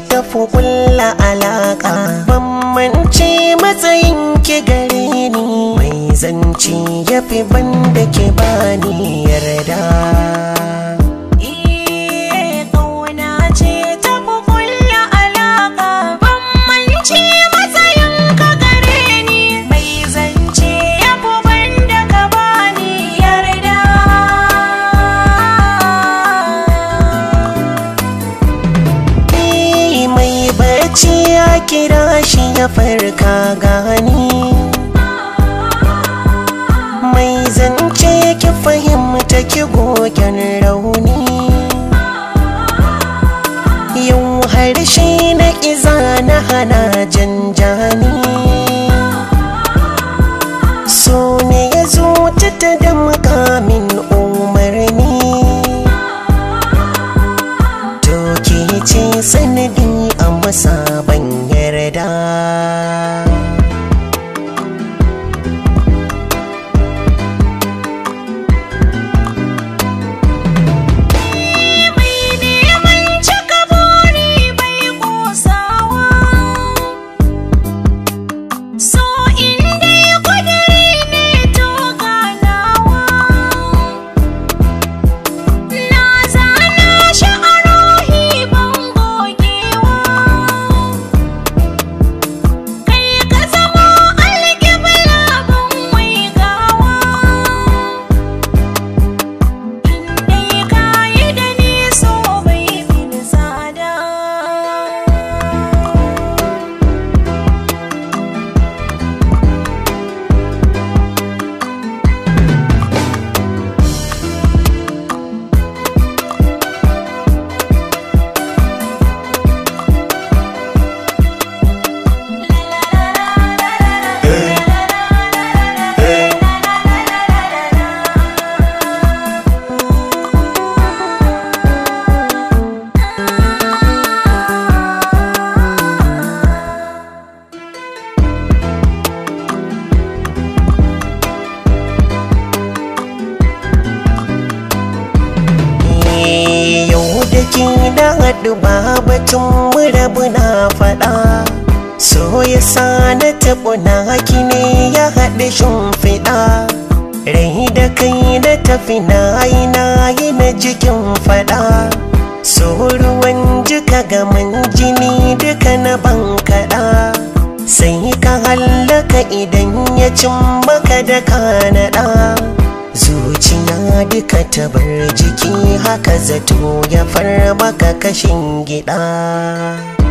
tafi kulla alaka bambanci matsayin ki gare ni mai ya yafi banda ke bani yarda kira shi ya farka gani mai zance ki fahimta ki gogen rauni yau harshe na iza na hana janjani so ne ya zo ta da makamin umarni to ce sanadi a masa haɗu ba batun mura na faɗa so ya sa na taɓo ne ya haɗu shimfiɗa rai da kai na tafi na yi na yi na jikin faɗa so ruwan jika gaman jini duka na kaɗa sai ka hallaka idan ya cin maka da kanaɗa duka ta bar jiki haka zato ya maka kashin gida